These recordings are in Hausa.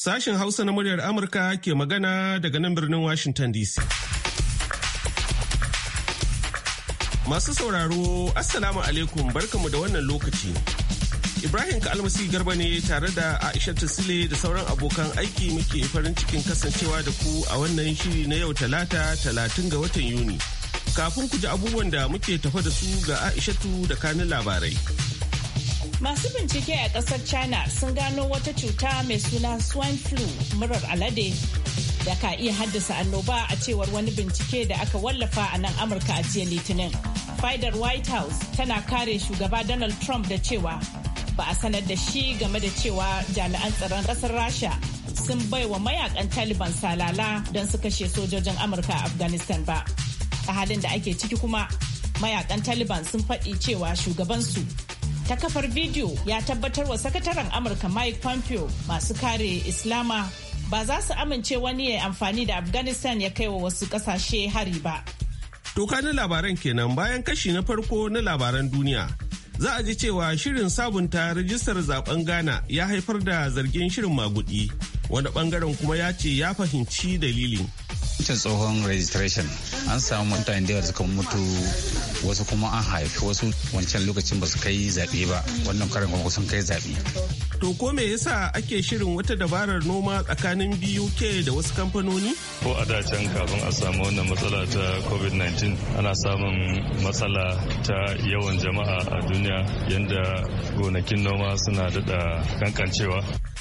Sashen Hausa na muryar Amurka ke magana daga nan birnin Washington DC. Masu sauraro, Assalamu alaikum barkamu da wannan lokaci. Ibrahim Kalmasi Garba ne tare da Aisha Sile da sauran abokan aiki muke farin cikin kasancewa da ku a wannan shiri na yau talata talatin ga watan Yuni. Kafin ku ji abubuwan da muke tafa da su ga Aishatu da kanin labarai. Masu bincike a ƙasar China sun gano wata cuta mai suna swine flu murar alade da ka iya haddasa annoba a cewar wani bincike da aka wallafa a nan Amurka a jiya Litinin. Fidar White House tana kare shugaba Donald Trump da cewa ba a sanar da shi game da cewa jami'an tsaron ƙasar Rasha sun baiwa mayakan Taliban salala don su kashe sojojin Amurka a Afghanistan ba. A halin da ake ciki kuma mayakan Taliban sun faɗi cewa shugabansu ta kafar bidiyo ya tabbatar wa sakataren amurka mike pompeo masu kare islama ba za su amince wani ya amfani da afghanistan ya kai wa wasu kasashe hari ba toka na labaran kenan bayan kashi na farko na labaran duniya za a ji cewa shirin sabunta rajistar zaben ghana ya haifar da zargin shirin magudi wani bangaren kuma ya ce ya fahimci dalilin wancan tsohon registration an samu mutane da suka mutu wasu kuma an haifi wasu wancan lokacin ba su kai zaɓe ba wannan karin kuma sun kai zaɓe. To ko me yasa ake shirin wata dabarar noma tsakanin BUK da wasu kamfanoni? Ko a dacen kafin a samu wannan matsala ta COVID-19 ana samun matsala ta yawan jama'a a duniya yadda gonakin noma suna daɗa kankancewa.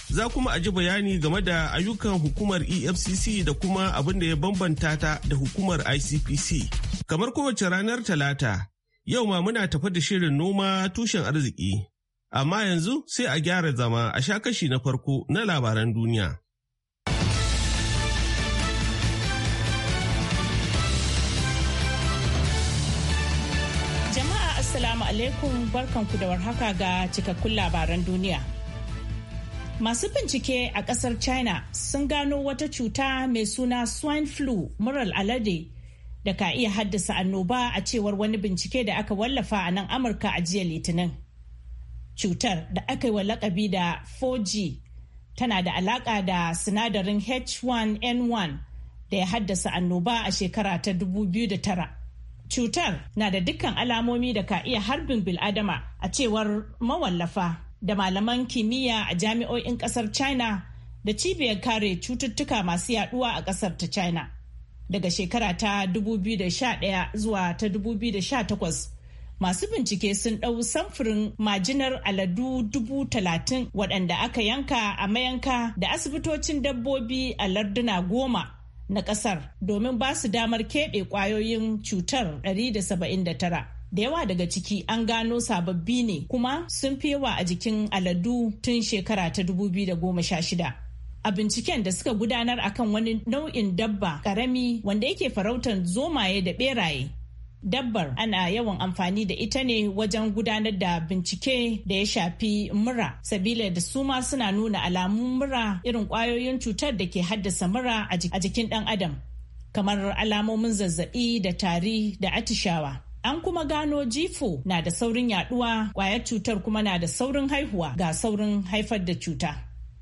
Za kuma a ji bayani game da ayyukan hukumar EFCC da kuma abin da ya bambanta ta da hukumar ICPC. Kamar kowace ranar Talata, yau ma muna tafa da shirin noma tushen arziki. Amma yanzu sai a gyara zama a sha kashi na farko na labaran duniya. Assalamu alaikum barkanku da warhaka ga cikakkun labaran duniya. Masu bincike a ƙasar China sun gano wata cuta mai suna swine flu murar alade da ka iya haddasa annoba a cewar wani bincike da aka wallafa a nan Amurka a jiya Litinin. Cutar da aka yi wa lakabi da 4G tana da alaƙa da sinadarin H1N1 da ya haddasa annoba a shekara ta 2009. Cutar na da dukkan alamomi da ka iya harbin bil'adama a cewar mawallafa. da malaman kimiyya a jami'o'in kasar china da cibiyar kare cututtuka masu yaduwa a kasar ta china daga shekara ta 2011 zuwa ta 2018 masu bincike sun ɗau samfurin majinar aladu 30,000 waɗanda aka yanka a mayanka da asibitocin dabbobi a larduna goma na ƙasar domin ba su damar keɓe ƙwayoyin cutar 179 da yawa daga ciki an gano sababbi ne kuma sun fi yawa a jikin aladu tun shekara ta 2016 a binciken da suka gudanar akan wani nau'in dabba karami wanda yake farautar zomaye da beraye dabbar ana yawan amfani da ita ne wajen gudanar da bincike da ya shafi mura sabila da suma suna nuna alamun mura irin kwayoyin cutar da ke haddasa mura a jikin dan adam kamar alamomin zazzabi da tari da atishawa An kuma gano jifo na da saurin yaduwa kwayar cutar kuma na da saurin haihuwa ga saurin haifar da cuta.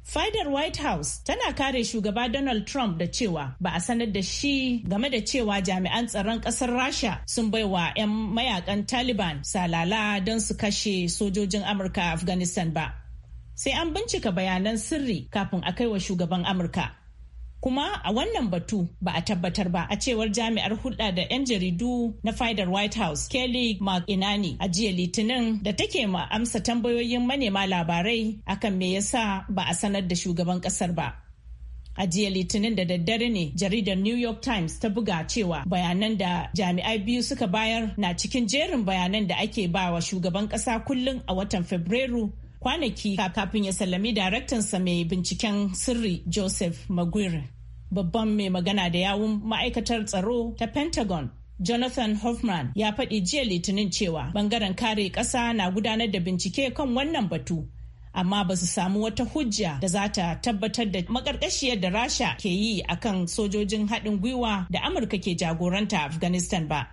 Fadar White House tana kare shugaba Donald Trump da cewa ba a sanar da shi game da cewa jami'an tsaron ƙasar Rasha sun baiwa 'yan mayakan Taliban salala don su kashe sojojin Amurka a Afghanistan ba. Sai an bincika bayanan sirri kafin a kai wa shugaban Amurka. kuma a wannan batu ba a tabbatar ba a cewar jami'ar hulɗa da 'yan jaridu na fadar white house kelly mcinani a jiya litinin da take ma amsa tambayoyin manema labarai akan me yasa ba a sanar da shugaban ƙasar ba A jiya Litinin da daddare ne jaridar New York Times ta buga cewa bayanan da jami'ai biyu suka bayar na cikin jerin bayanan da ake ba wa shugaban ƙasa kullum a watan Fabrairu kwanaki kafin ya sallami daraktansa mai binciken sirri Joseph Maguire. babban mai magana da yawun ma'aikatar tsaro ta pentagon Jonathan Hoffman ya faɗi jiya litinin cewa bangaren kare ƙasa na gudanar da bincike kan wannan batu amma ba su samu wata hujja da za ta tabbatar da makarkashiyar da rasha ke yi akan sojojin haɗin gwiwa da amurka ke jagoranta afghanistan ba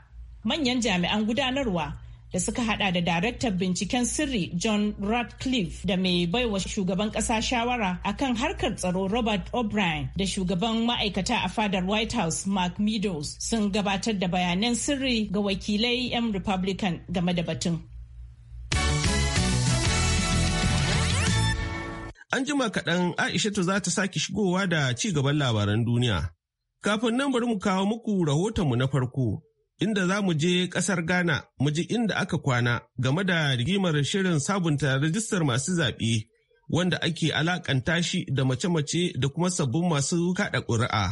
manyan jami'an gudanarwa da suka hada da daraktan binciken sirri John Radcliffe da mai baiwa shugaban kasa shawara akan harkar tsaro Robert O'Brien da shugaban ma'aikata a fadar White House Mark Meadows sun gabatar da bayanan sirri ga wakilai 'yan Republican game da batun. An jima kaɗan Aishatu za ta sake shigowa da ci gaban labaran duniya. Kafin nan bari mu kawo muku rahoton mu na farko. inda za mu je kasar Ghana mu ji inda aka kwana game da rigimar shirin sabunta rajistar masu zaɓe wanda ake alakanta shi da mace-mace da kuma sabbin masu kaɗa ƙuri'a.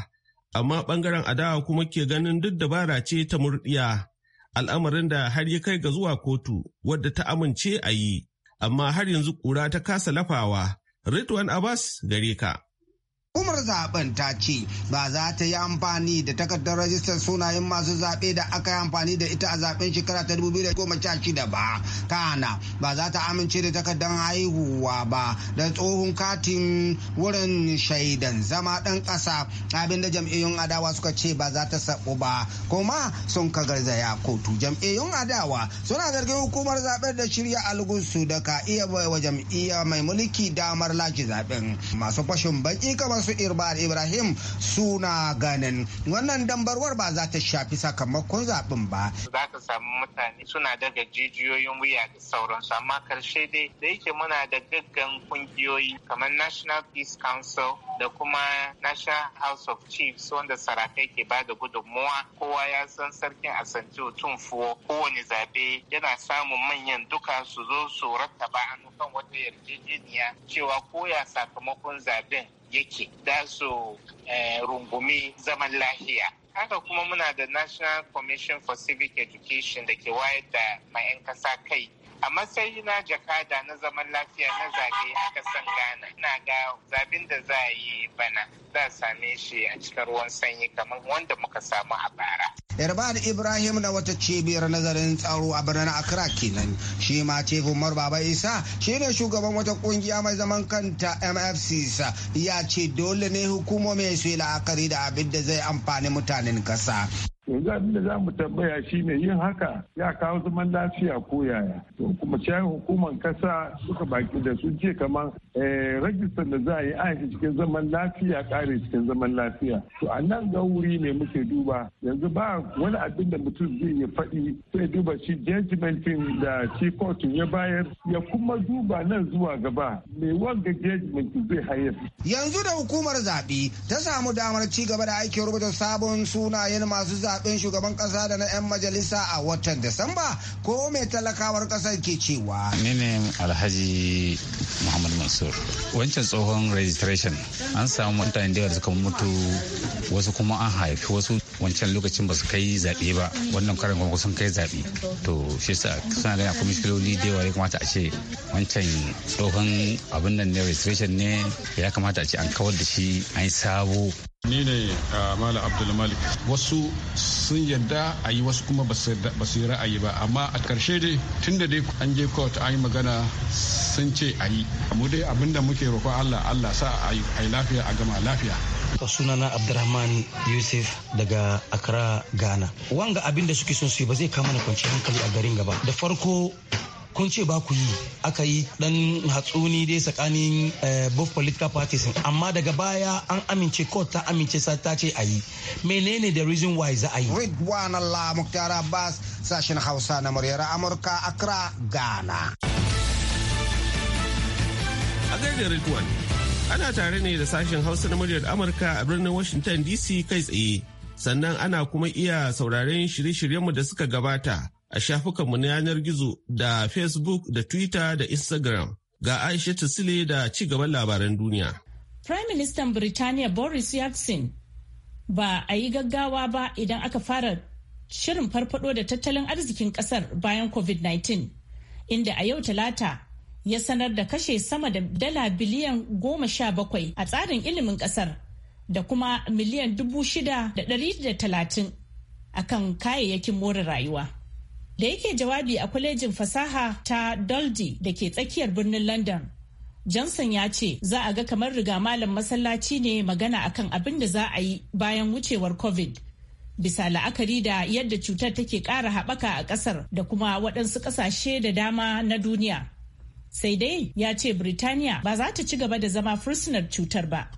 Amma ɓangaren adawa kuma ke ganin duk dabara ce ta murɗiya. Al'amarin da har ya kai ga zuwa kotu wadda ta amince a yi, amma har yanzu ƙura ta kasa lafawa. Ritwan Abbas gare ka. hukumar zaben ta ce ba za ta yi amfani da takardar rajistar sunayen masu zaɓe da aka yi amfani da ita a zaben shekara ta 2016 ba kana ba za ta amince da takardar haihuwa ba da tsohon katin wurin shaidan zama ɗan ƙasa abinda jam'iyyun adawa suka ce ba za ta saɓo ba kuma sun ka garzaya kotu jam'iyyun adawa suna zargin hukumar zaɓen da shirya algusu da ka iya baiwa jam'iyya mai mulki damar lashe zaɓen. masu fashin baki kamar su irbar ibrahim suna ganin wannan dambarwar ba za ta shafi sakamakon zaben ba za ka samu mutane suna daga jijiyoyin wuya da sauransu amma karshe dai da yake muna da gaggan kungiyoyi kamar national peace council da kuma national house of chiefs wanda sarakai ke ba da gudunmuwa kowa ya san sarkin asanti tun fuwo kowane zaɓe yana samun manyan duka su zo su rattaba hannu kan wata yarjejeniya cewa koya sakamakon zaɓen? yake da su eh, rungumi zaman lahiya haka kuma muna da national commission for civic education da ke wayar da 'yan ƙasa kai a matsayi na jakada na zaman lafiya na zabe a kasan ghana ina ga zabin da za a yi bana za same shi a cikin ruwan sanyi kamar wanda muka samu a bara yarban ibrahim na wata cibiyar nazarin tsaro a birnin accra kenan shi ma tefin baba isa shi ne shugaban wata kungiya mai zaman kanta mfc sa ya ce dole ne hukumomi su yi la'akari da abin da zai amfani mutanen kasa yanzu abin da za mu tambaya shine yin haka ya kawo zaman lafiya ko yaya to kuma shayin hukumar kasa suka baki da su ce kamar eh, rajistar da za a yi aiki cikin zaman lafiya kare cikin zaman lafiya to a nan ga wuri ne muke duba yanzu ba wani abin da mutum zai yi faɗi sai duba shi judgment da shi kotun ya bayar ya kuma duba nan zuwa gaba me wanga judgment zai hayar yanzu da hukumar zaɓe ta samu damar ci gaba da aikin rubuta sabon sunayen masu zaben shugaban kasa da na 'yan majalisa a watan Disamba ko mai talakawar kasar ke cewa. Ni ne Alhaji Muhammad Mansur. Wancan tsohon registration an samu mutane da suka mutu wasu kuma an haifi wasu wancan lokacin ba su kai zaɓe ba wannan karin kuma kusan kai zaɓe to shi sa suna gani akwai mishkiloli da yawa ya kamata a ce wancan tsohon abin nan ne registration ne ya kamata a ce an kawar da shi an yi sabo ni ne mala abdulmalik wasu sun yadda a yi wasu kuma ba su yi ra'ayi ba amma a karshe dai tun da dai an je court an yi magana sun ce a yi mu dai abinda muke roƙo allah allah sa a yi lafiya a gama lafiya sunana abdulrahman yusuf daga accra ghana wanga abinda suke son su yi ba zai kama na kwanci hankali a garin gaba da farko kun ce ba ku yi aka yi dan hatsuni dai tsakanin eh, both political parties amma daga baya an amince court ta amince sa ta ce a yi menene da reason why za a yi ridwan allah muktar abbas sashen hausa na muryar amurka accra ghana a gaida ridwan ana tare ne da sashen hausa na muryar amurka a birnin washington dc kai tsaye sannan ana kuma iya sauraren shirye-shiryenmu da suka gabata a shafukanmu na yanar gizo da Facebook da Twitter da Instagram. Ga Aisha Sile da ci gaban labaran duniya. Prime Minister Birtaniya Boris Yeltsin ba a yi gaggawa ba idan aka fara shirin farfado da tattalin arzikin kasar bayan COVID-19, inda a yau talata ya sanar da kashe sama da dala biliyan goma sha bakwai a tsarin ilimin kasar da kuma miliyan dubu shida da dari da talatin a kan kayayyakin more rayuwa. Da yake jawabi a kwalejin fasaha ta Daldi da ke tsakiyar birnin London, Johnson ya ce za a ga kamar riga malam masallaci ne magana akan abin da za a yi bayan wucewar COVID. Bisa la'akari da yadda cutar take ƙara haɓaka a ƙasar da kuma waɗansu ƙasashe da dama na duniya. Sai dai ya ce Birtaniya ba za ta ci gaba da zama fursunar cutar ba.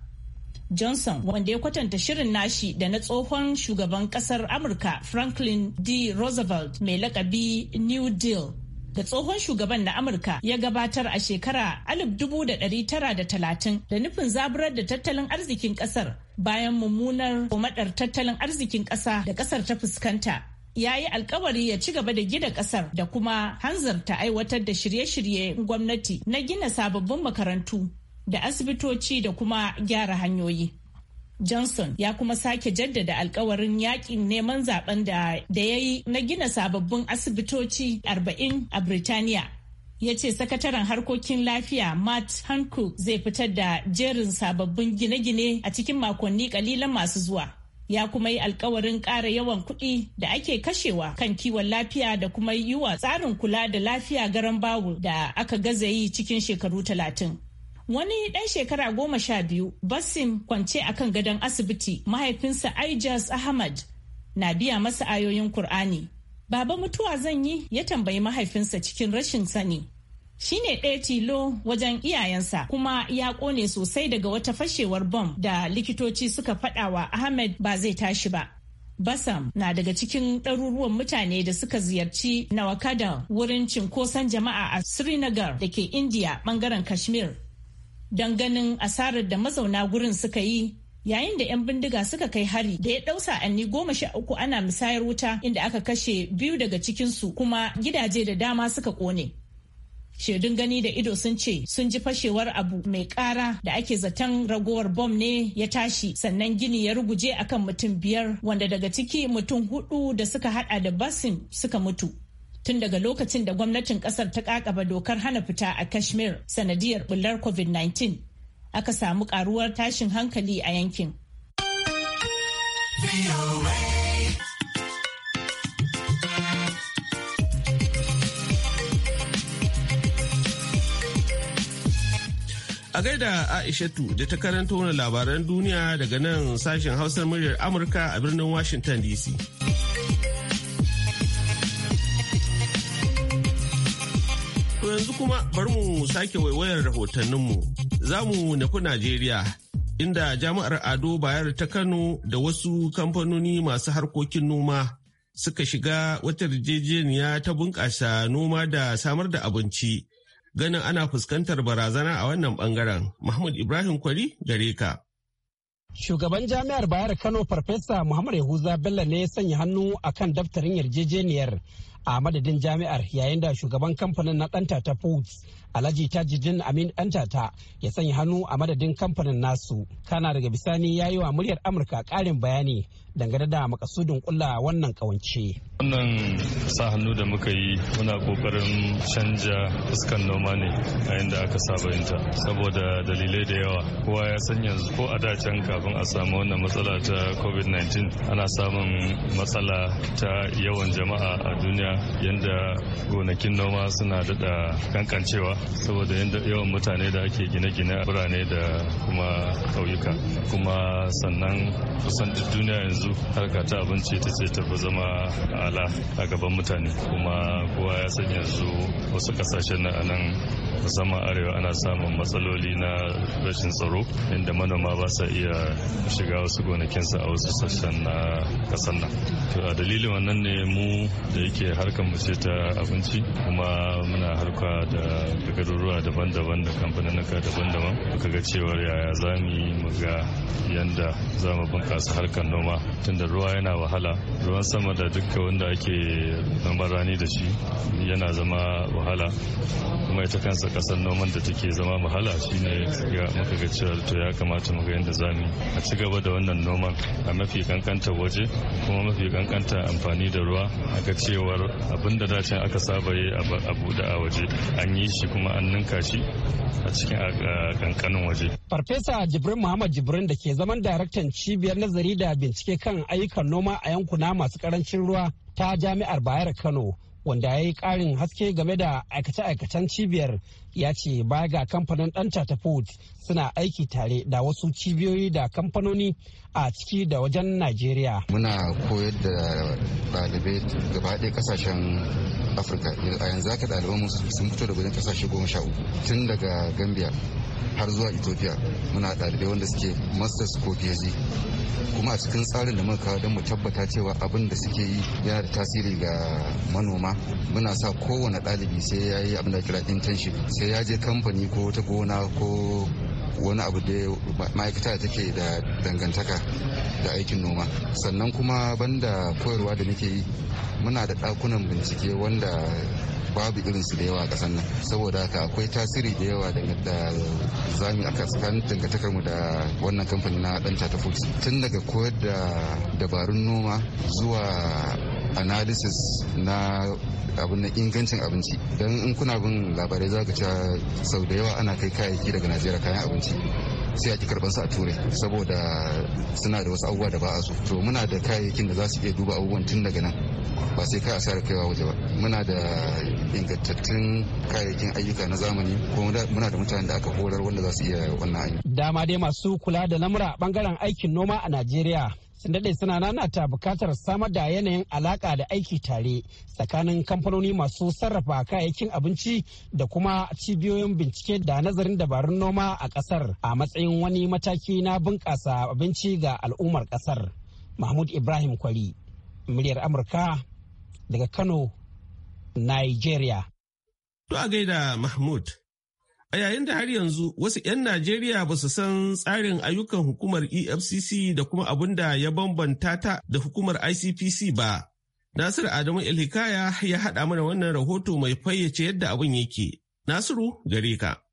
Johnson wanda ya kwatanta shirin nashi da na tsohon shugaban kasar Amurka Franklin D. Roosevelt mai lakabi New Deal da tsohon shugaban na Amurka ya gabatar a shekara 1930 da nufin zaburar da tattalin arzikin kasar bayan mummunar komadar tattalin arzikin kasa da kasar ta fuskanta. Ya yi alkawari ya ci gaba da gina kasar da kuma hanzarta aiwatar da shirye-shirye gwamnati na gina sababbin makarantu da asibitoci da kuma gyara hanyoyi. Johnson ya kuma sake jaddada alkawarin yakin neman zaben da ya yi na gina sababbin asibitoci 40 a Birtaniya. Ya ce sakataren harkokin lafiya Matt Hancock zai fitar da jerin sababbin gine-gine a cikin makonni kalilan masu zuwa. Ya kuma yi alkawarin ƙara yawan kuɗi da ake kashewa kan kiwon lafiya da kuma yi wa tsarin kula da lafiya garan bawul da aka gaza yi cikin shekaru talatin. Wani ɗan shekara goma sha biyu, Basim kwance a kan gadon asibiti mahaifinsa Aijas Ahmad na biya masa ayoyin Kur'ani. Baba mutuwa zan yi ya tambayi mahaifinsa cikin rashin sani. Shi ne ɗaya tilo wajen iyayensa kuma ya ƙone sosai daga wata fashewar bom da likitoci suka faɗawa Ahmad ba zai tashi ba. Basam na daga cikin ɗaruruwan mutane da suka ziyarci Nawakada wurin cinkoson jama'a a Srinagar da ke India ɓangaren Kashmir don ganin asarar da mazauna gurin suka yi yayin da 'yan bindiga suka kai hari da ya ɗau sa'anni goma sha uku ana misayar wuta inda aka kashe biyu daga cikinsu kuma gidaje da dama suka kone. Shaidun gani da ido sun ce sun ji fashewar abu mai ƙara da ake zaton ragowar bom ne ya tashi sannan gini ya ruguje akan mutum biyar wanda daga ciki mutum hudu da suka hada da basin suka mutu. tun daga lokacin da gwamnatin kasar ta kakaba dokar hana fita a kashmir sanadiyar bullar covid-19 aka samu karuwar tashin hankali a yankin A gaida Aishatu da ta karanta wani labaran duniya daga nan sashen hausar muryar Amurka a birnin Washington DC. kuma bari mu sake waiwayar rahotanninmu za mu nufi Najeriya inda jami'ar Ado Bayar ta Kano da wasu kamfanoni masu harkokin noma suka shiga wata yarjejeniya ta bunƙasa noma da samar da abinci. Ganin ana fuskantar barazana a wannan bangaren. Muhammad Ibrahim Kwari gare ka. Shugaban jami'ar Bayar Kano Farfesa Muhammad Yahuza Bello ne ya sanya hannu akan daftarin yarjejeniyar a madadin jami'ar yayin da shugaban kamfanin na ɗanta ta foods alhaji tajidin amin ɗanta ta ya sanya hannu a madadin kamfanin nasu kana daga bisani ya yi wa muryar amurka karin bayani dangane da makasudin kulla wannan kawance. wannan sa hannu da muka yi muna kokarin canja fuskan noma ne a yadda aka saba yinta saboda dalilai da yawa kowa ya san yanzu ko a can kafin a samu wannan matsala ta covid-19 ana samun matsala ta yawan jama'a a duniya yanda yadda gonakin noma suna daɗa kankancewa saboda yadda yawan mutane da ake gine-gine a birane da kuma ƙauyuka kuma sannan kusan duk duniya yanzu harka ta abinci ta ce tafi zama ala a gaban mutane kuma kowa ya san yanzu wasu kasashen na anan musamman arewa ana samun matsaloli na rashin tsaro inda manoma ba sa iya shiga wasu gonakinsa a wasu sassan na ƙasar nan to a dalilin wannan ne mu da yake harkar mu ta abinci kuma muna harka da garuruwa daban-daban da kamfaninnika daban-daban muka ga cewar yaya za mu ga yanda za mu bunƙasa harkar noma tunda ruwa yana wahala ruwan sama da dukkan wanda ake noman rani da shi yana zama wahala kuma ita kansa ƙasar noman da take zama wahala shine muka ga cewar to ya kamata mu ga yanda za mu a ci gaba da wannan noman a mafi kankanta waje kuma mafi kankanta amfani da ruwa aka cewar abin da dace aka saba yi a buɗe a waje an yi shi kuma an ninka shi a cikin kankanin waje. Farfesa Jibrin Muhammad Jibrin da ke zaman daraktan cibiyar nazari da bincike kan ayyukan noma a yankuna masu karancin ruwa ta jami'ar Bayar Kano wanda ya yi karin haske game da aikace-aikacen cibiyar ya ce baya ga kamfanin dan ta food suna aiki tare da wasu cibiyoyi da kamfanoni a ciki da wajen nigeria. muna koyar da ɗalibai gaba ɗaya ƙasashen afirka a yanzu haka ɗaliban mu sun fito da wajen kasashe goma sha uku tun daga gambia har zuwa ethiopia muna ɗalibai wanda suke masters ko phd kuma a cikin tsarin da muka kawo don mu tabbata cewa abin da suke yi yana da tasiri ga manoma muna sa kowane ɗalibi sai ya yi abin da kira internship sai ya je kamfani ko ta gona ko wani abu da ma'aikata da take da dangantaka da aikin noma sannan kuma banda koyarwa da nake yi muna da ɗakunan bincike wanda babu irin su da yawa a ƙasar nan saboda haka akwai tasiri da yawa da mu a tsakanin dangantakar mu da wannan kamfani na dan ta foods tun daga koyar da dabarun noma zuwa analysis na abin na ingancin abinci don in kuna bin labarai za ka cewa sau da yawa ana kai kayayyaki daga najeriya kayan abinci sai a ki karban su a turai saboda suna da wasu abubuwa da ba a so to muna da kayayyakin da za su iya duba abubuwan tun daga nan ba sai ka asara kaiwa waje ba muna da ingantattun kayayyakin ayyuka na zamani ko muna da mutanen da aka horar wanda za su iya wannan aiki dama dai masu kula da lamura bangaren aikin noma a najeriya sun daɗe suna ta bukatar samar da yanayin alaƙa da aiki tare tsakanin kamfanoni masu sarrafa kayayyakin abinci da kuma cibiyoyin bincike da nazarin dabarun noma a ƙasar a matsayin wani mataki na bunƙasa abinci ga al'ummar ƙasar mahmud ibrahim kwari muryar Amurka daga Kano, Nigeria. To a gaida Mahmud. A yayin da har yanzu wasu 'yan Najeriya ba su san tsarin ayyukan hukumar EFCC da kuma abin da ya bambanta ta da hukumar ICPC ba. nasiru Adamu Ilhikaya ya haɗa mana wannan rahoto mai fayyace yadda abin yake. Nasiru gare ka.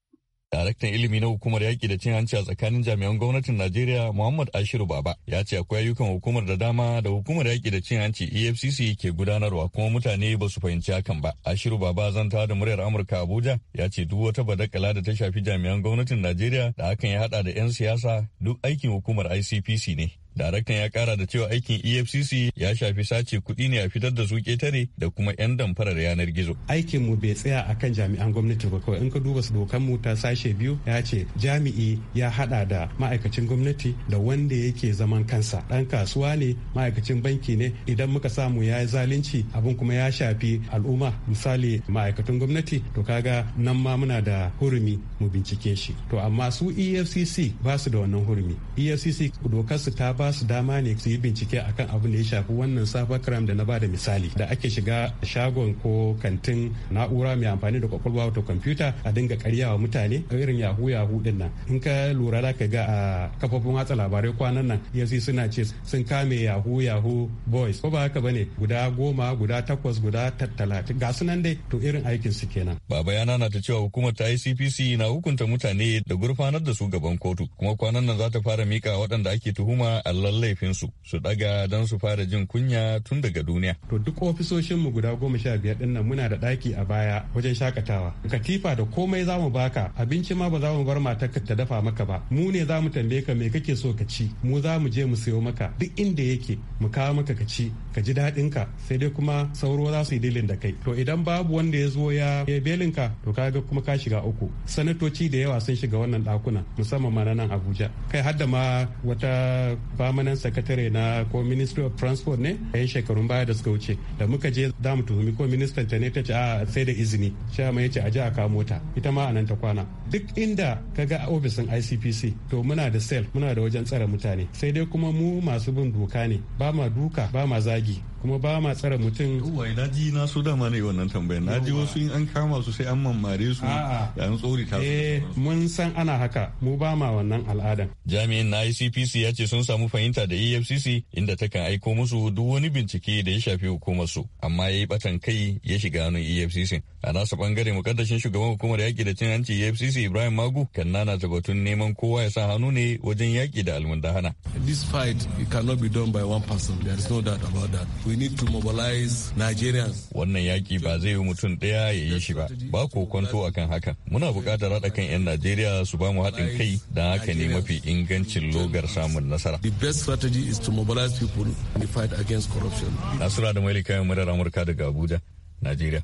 Daraktan ilimi na hukumar yaƙi da cin hanci a tsakanin jami'an gwamnatin Najeriya Muhammad Ashiru Baba ya ce akwai ayyukan hukumar da dama da hukumar yaƙi da cin hanci EFCC ke gudanarwa kuma mutane ba su fahimci hakan ba. Ashiru Baba zanta da muryar Amurka Abuja ya ce duk wata badakala da ta shafi jami'an gwamnatin Najeriya da hakan ya haɗa da 'yan siyasa duk aikin hukumar ICPC ne. Daraktan ya kara da cewa aikin EFCC ya shafi sace kuɗi ne a fitar da su ƙetare da kuma 'yan damfarar yanar gizo. Aikin mu bai tsaya a kan jami'an gwamnati ba kawai in ka duba dokan mu ta sashe biyu ya ce jami'i ya hada da ma'aikacin gwamnati da wanda yake zaman kansa ɗan kasuwa ne ma'aikacin banki ne idan muka samu ya yi zalunci abin kuma ya shafi al'umma misali ma'aikatan gwamnati to kaga nan ma muna da hurumi mu bincike shi to amma su EFCC ba su da wannan hurumi EFCC dokar su ta ba su dama ne su yi bincike akan abin da ya shafi wannan cyber crime da na ba da misali da ake shiga shagon ko kantin na'ura mai amfani da kwakwalwa wato kwamfuta a dinga karyawa mutane irin yahu yahu din nan in ka lura da ka ga a kafofin watsa labarai kwanan nan yasi suna ce sun kame yahu yahu boys ko ba haka ne guda goma guda takwas guda talatin ga sunan dai to irin aikin su kenan baba yana na ta cewa hukumar ta ICPC na hukunta mutane da gurfanar da su gaban kotu kuma kwanan nan za ta fara mika waɗanda ake tuhuma allon laifinsu su daga don su fara jin kunya tun daga duniya. To duk ofisoshinmu guda goma sha biyar din nan muna da ɗaki a baya wajen shakatawa. Katifa da komai za mu baka abinci ma ba za mu bar matarka ta dafa maka ba. Mu ne za mu tambaye ka me kake so ka ci mu za mu je mu sayo maka duk inda yake mu kawo maka ka ci ka ji daɗin ka sai dai kuma sauro za su yi dilin da kai to idan babu wanda ya zo ya belin ka to ga kuma ka shiga uku sanatoci da yawa sun shiga wannan ɗakuna musamman ma na nan abuja kai har ma wata famanan sakatare na ko ministry of transport ne a yan shekarun baya da suka wuce da muka je za mu tuhumi ko ministan ta ne ta ce a sai da izini shi ma ya ce a je a kawo mota ita ma a nan ta kwana duk inda ka ga ofisin icpc to muna da sel muna da wajen tsare mutane sai dai kuma mu masu bin doka ne ba ma duka ba ma zagi kuma ba ma tsara mutum wai eh, na ji na so dama ne wannan tambayar na ji wasu in an kama su sai an mamare su da an tsori ta su eh, mun san ana haka mu ba ma wannan al'adan jami'in na ICPC ya ce sun samu fahimta da EFCC inda ta kan aiko musu duk wani bincike da ya shafi hukumar su amma yayi batan kai ya shiga hannun EFCC a nasu bangare mukaddashin shugaban hukumar yaki da cin hanci EFCC Ibrahim Magu kan nana ta batun neman kowa ya sa hannu ne wajen yaki da almundahana this fight cannot be done by one person there is no doubt about that We need to mobilize Nigerians. Wannan yaki ba zai yi mutum ɗaya ya yi shi ba. Ba ko kwanto akan haka. Muna buƙatar haɗa kan 'yan Najeriya su ba mu haɗin kai don haka ne mafi ingancin logar samun nasara. The best strategy is to mobilize people in the fight against corruption. Nasura da Maili kayan murar Amurka daga Abuja, Najeriya.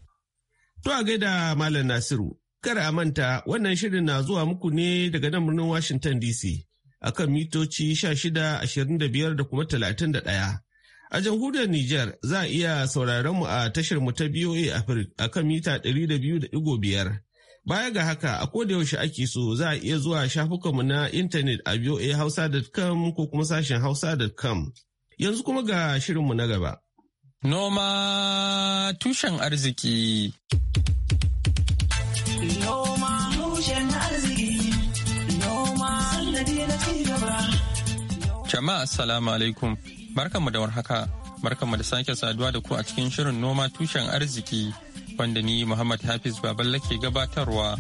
To a gaida Malam Nasiru. Kar a manta wannan shirin na zuwa muku ne daga nan birnin Washington DC. akan mitoci 16, 25 da kuma da 31. A jamhuriyar Nijar za a iya sauraron mu a tashar mu ta BOA Africa a kan mita 200.5. Baya ga haka a koda yaushe ake so za a iya zuwa shafukanmu na intanet a voahausa.com ko kuma sashen hausa.com. Yanzu kuma ga shirinmu na gaba. Noma tushen arziki. Noma tushen arziki. Noma sannadi na ci gaba. Jama'a assalamu alaikum. Barkanmu da warhaka, barkanmu da sake saduwa da ku a cikin shirin noma tushen arziki wanda ni Muhammad Hafiz Baballe ke gabatarwa.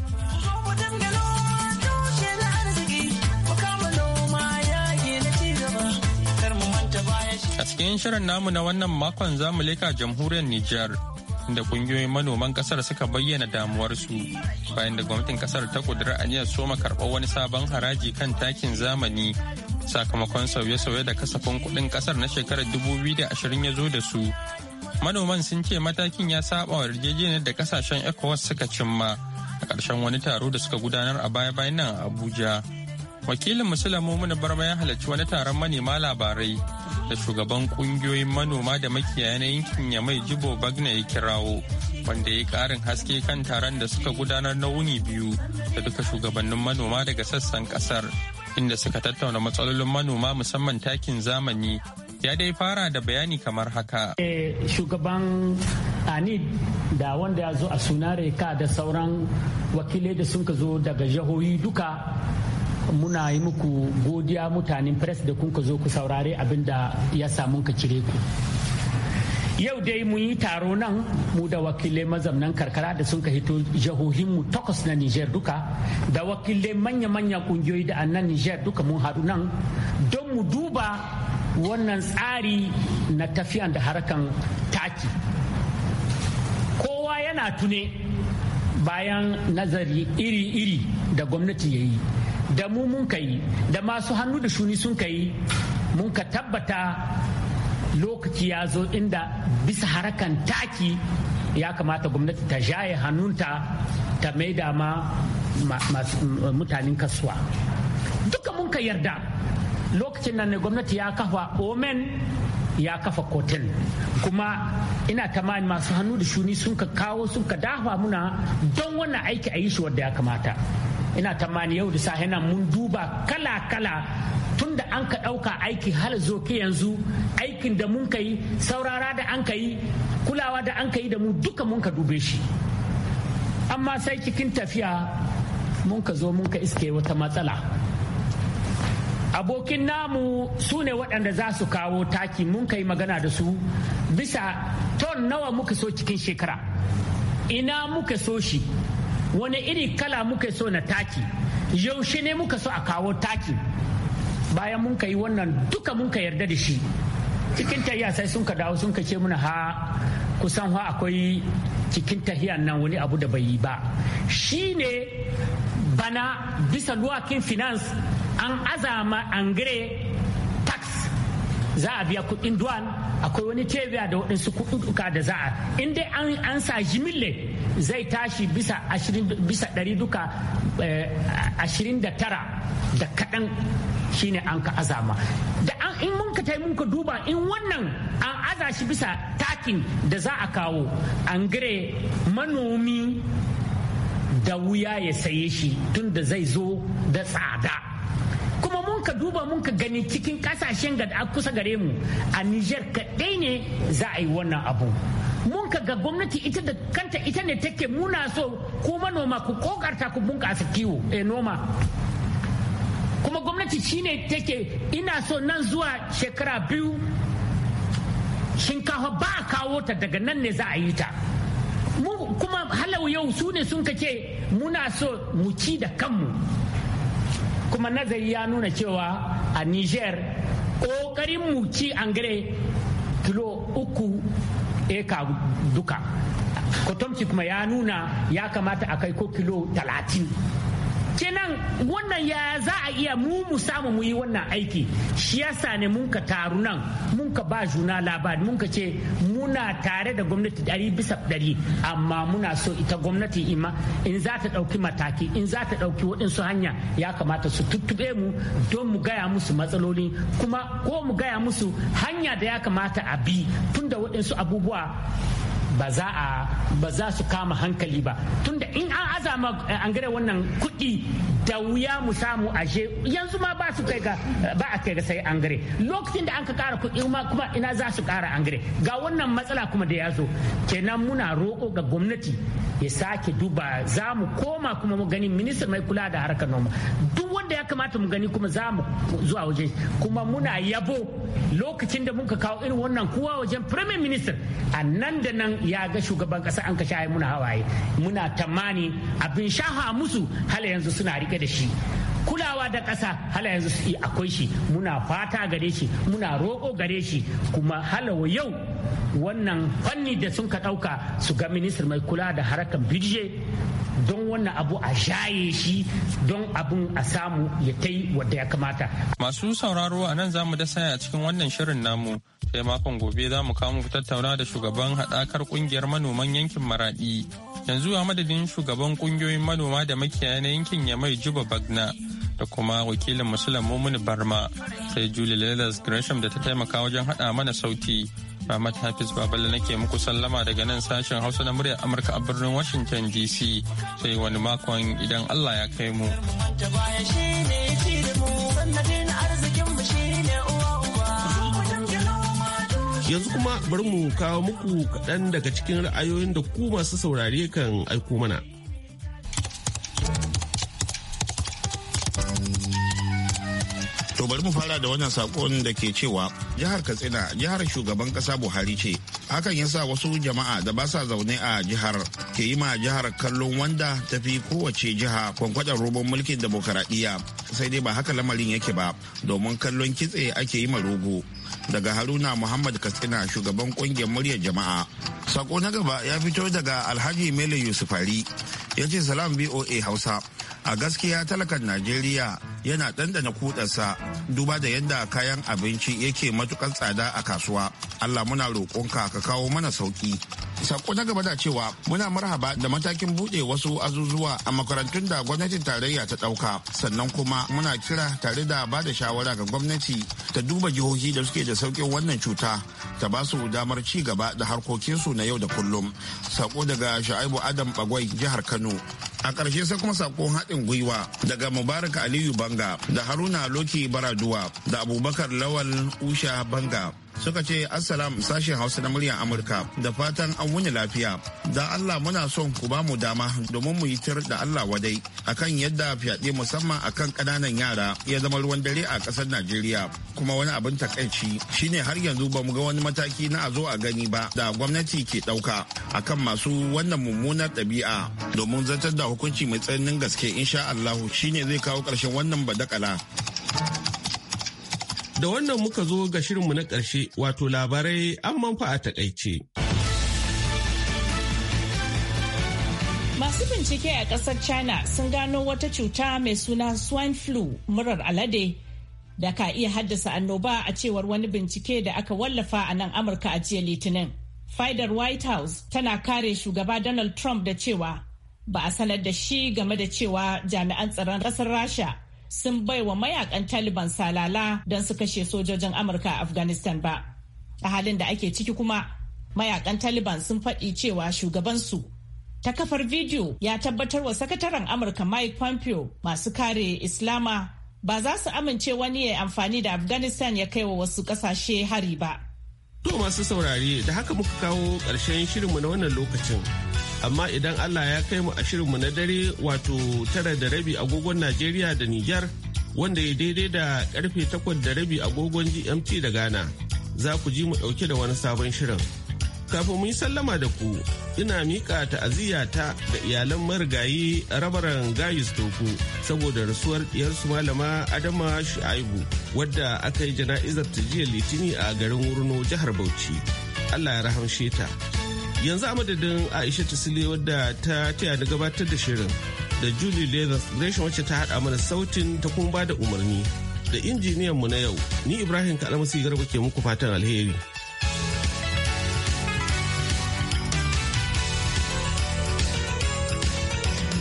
A cikin shirin namu na wannan makon zamu leka jamhuriyar Nijar. da kungiyoyin manoman kasar suka bayyana damuwarsu bayan da gwamnatin kasar ta kudura aniyar soma karɓar wani sabon haraji kan takin zamani sakamakon sauye-sauye da kasafin kuɗin kasar na shekarar 2020 ya zo da su manoman sun ce matakin ya saba wa yarjejeniyar da kasashen ecowas suka cimma a ƙarshen wani taro da suka gudanar a baya-bayan nan a abuja wakilin musulamu muni barma ya halarci wani taron manema labarai da shugaban kungiyoyin manoma da makiyaya na yankin ya mai jibo bagna ya kirawo wanda ya karin haske kan taron da suka gudanar na wuni biyu da duka shugabannin manoma daga sassan kasar inda suka tattauna matsalolin manoma musamman takin zamani ya dai fara da bayani kamar haka eh, shugaban anid da wanda ya zo a sunare ka da sauran wakilai da sun ka zo daga jihohi duka muna yi muku godiya mutanen press da kun zo ku saurare abin da ya samu ka cire ku yau dai mun yi taro nan mu da wakilai mazamnan karkara da sun ka hito mu takwas na niger duka da wakilai manya-manya kungiyoyi da annan niger duka mun haɗu nan don mu duba wannan tsari na tafiyan da harkan taki kowa yana tune bayan nazari iri-iri da gwamnati ya yi da mu mun kai da masu hannu da shuni sun kai mun ka tabbata lokaci ya zo inda bisa harakan taki ya kamata gwamnati ta jaye hannunta ta maida ma mutanen kasuwa duka mun ka yarda lokacin nan ne gwamnati ya kafa omen ya kafa kotel kuma ina tamani masu hannu da shuni sun ka kawo sun ka dafa muna don wannan aiki a yi shi wadda ya kamata ina tamani yau da safe nan mun duba kala-kala tun da an ka ɗauka aiki har zoke yanzu aikin da mun ka yi saurara da an ka yi kulawa da an ka yi da mu duka mun ka dube shi amma sai cikin tafiya mun ka zo mun ka iske wata matsala abokin namu su ne waɗanda za su kawo taki mun kai magana da su bisa ton nawa muka so cikin shekara ina muka so shi wani iri kala muka so na taki yaushe ne muka so a kawo taki bayan mun yi wannan duka mun ka yarda da shi cikin tahiya sai sun ka dawo sun ka ce muna ha kusan ha akwai cikin tahiyan nan wani abu da bai yi ba shi ne bana bisa luwakin finance an azama angare tax za a biya kudin duwan akwai wani tebiya da waɗansu kuɗuɗuka da za a in dai an sa jimille zai tashi bisa bisa ɗari duka eh, ashirin da tara da kaɗan shine an ka azama da in mun ka mun ka duba in wannan an aza shi bisa takin da za a kawo an gire manomi da wuya ya saye shi tun da zai zo da tsada muka duba mun ka gani cikin kasashen da kusa gare mu a Niger kaɗai ne za a yi wannan abu. mun ka ga gwamnati ita da kanta ita ne take muna so ku manoma ku kokarta ku bunƙasa kiwo eh noma kuma gwamnati shine take ina so nan zuwa shekara biyu shinkafa ba a kawo ta daga nan ne za a yi ta kuma halau yau su ne sun kace muna so mu ci da kanmu kuma nazari ya nuna cewa a niger ƙoƙarin mu ci angare kilo uku eka duka kotomci kuma ya nuna ya kamata a kai ko kilo talatin kenan wannan ya za a iya mu mu samu mu yi wannan aiki shi yasa ne mun ka taru nan mun ka ba juna labari mun ka ce muna tare da gwamnati dari bisa dari amma muna so ita gwamnati ima in za ta ɗauki mataki in za ta ɗauki waɗansu hanya ya kamata su tuttuɓe mu don mu gaya musu matsaloli kuma ko mu gaya musu hanya da ya kamata a bi tunda waɗansu abubuwa ba za su kama hankali ba tunda in an azama eh, an gare wannan kuɗi da wuya mu samu ashe yanzu ma ba su kai ga ba a kai ga sai an gare lokacin da an ka kara kuɗi kuma ina za su kara an gare ga wannan matsala kuma da ya zo kenan muna roƙo ga gwamnati ya sake duba za mu koma kuma mu gani minista mai kula da harkar noma duk wanda ya kamata mu gani kuma za mu zuwa waje kuma muna yabo lokacin da muka kawo irin wannan kowa wajen premier minister a nan da nan ya ga shugaban kasa an kashe ayi muna hawaye muna tamani abin shaha musu hala yanzu suna rike da shi kulawa da ƙasa hala yanzu su akwai shi muna fata gare shi muna roƙo gare shi kuma halawa yau wannan fanni da sun ka ɗauka su ga minista mai kula da harkar bidiye don wannan abu a shaye shi don abun a samu ya ta yi wadda ya kamata. Masu sauraro a nan zamu dasa a cikin wannan shirin namu sai makon gobe za mu kamu tattauna da shugaban haɗakar ƙungiyar manoman yankin Maraɗi yanzu a madadin shugaban kungiyoyin manoma da makiyaya na yankin yamai juba bagna da kuma wakilin musulun mumuni barma sai julie lelas gresham da ta taimaka wajen hada mana sauti Muhammad Hafiz Babalu nake muku sallama daga nan sashen Hausa na muryar Amurka a birnin Washington DC sai wani makon idan Allah ya kai mu. Yanzu kuma bari mu kawo muku kaɗan daga cikin ra'ayoyin da ku masu saurare kan aiko mana. To bari mu fara da wannan sakon da ke cewa jihar Katsina jihar shugaban kasa Buhari ce. Hakan ya sa wasu jama'a da ba sa zaune a jihar ke yi ma jihar kallon wanda ta fi kowace jiha kwankwadar robon mulkin demokaradiyya. Sai dai ba haka lamarin yake ba domin kallon kitse ake yi ma rogo. Daga Haruna Muhammad Katsina shugaban kungiyar muryar jama'a. Sako na gaba ya fito daga Alhaji Mele Yusufari. Ya ce salam BOA Hausa. A gaskiya talakan Najeriya yana ɗanɗana kudarsa duba da yadda kayan abinci yake matukar tsada a kasuwa allah muna roƙonka ka kawo mana sauki sako na gaba da cewa muna marhaba da matakin bude wasu azuzuwa a makarantun da gwamnatin tarayya ta dauka sannan kuma muna kira tare da ba da shawara ga gwamnati ta duba jihohi da suke da saukin wannan cuta ta ba su damar ci gaba da harkokinsu na yau da kullum sako daga sha'ibu adam bagwai jihar kano a ƙarshe sai kuma sakon haɗin gwiwa daga mubarak aliyu banga da haruna loki baraduwa da abubakar lawal usha banga suka ce assalam sashen hausa na muryar amurka da fatan an wuni lafiya da allah muna son ku ba mu dama domin mu yi tar da allah wadai akan yadda fyaɗe musamman akan kananan yara ya zama ruwan dare a ƙasar najeriya kuma wani abin takaici shine har yanzu ba mu ga wani mataki na a zo a gani ba da gwamnati ke ɗauka akan masu wannan mummunar ɗabi'a domin zartar da hukunci mai tsananin gaske insha allahu shine zai kawo ƙarshen wannan badakala Da wannan muka zo ga shirinmu na ƙarshe wato labarai an manfa a takaice. Masu bincike a ƙasar China sun gano wata cuta mai suna swine flu murar alade da ka iya haddasa annoba a cewar wani bincike da aka wallafa a nan Amurka a jiya Litinin. Fidar White House tana kare shugaba Donald Trump da cewa ba a sanar da shi game da cewa jami'an tsaron ƙasar Rasha sun bai wa mayakan taliban salala don su kashe sojojin amurka a afghanistan ba a halin da ake ciki kuma mayakan taliban sun faɗi cewa shugabansu ta kafar bidiyo ya tabbatar wa sakataren amurka mike pompeo masu kare islama ba za su amince wani ya amfani da afghanistan ya kai wa wasu ƙasashe hari ba To masu saurari da haka muka kawo ƙarshen shirinmu na wannan lokacin. Amma idan Allah ya kai mu a shirinmu na dare wato tara da rabi agogon Najeriya da Nijar wanda ya daidai da karfe takwas da rabi agogon GMT da Ghana za ku ji mu ɗauke da wani sabon shirin. kafin mun yi sallama da ku ina miƙa ta'aziyyata ga iyalan marigayi rabaran gayus toko saboda rasuwar diyarsu malama adama shu'aibu wadda aka yi jana'izar ta jiya litini a garin wurno jihar bauchi allah ya rahamshe ta yanzu a madadin aisha sule wadda ta taya da gabatar da shirin da julie leathers gresham wacce ta haɗa mana sautin ta kuma ba da umarni da injiniyan mu na yau ni ibrahim yi garba ke muku fatan alheri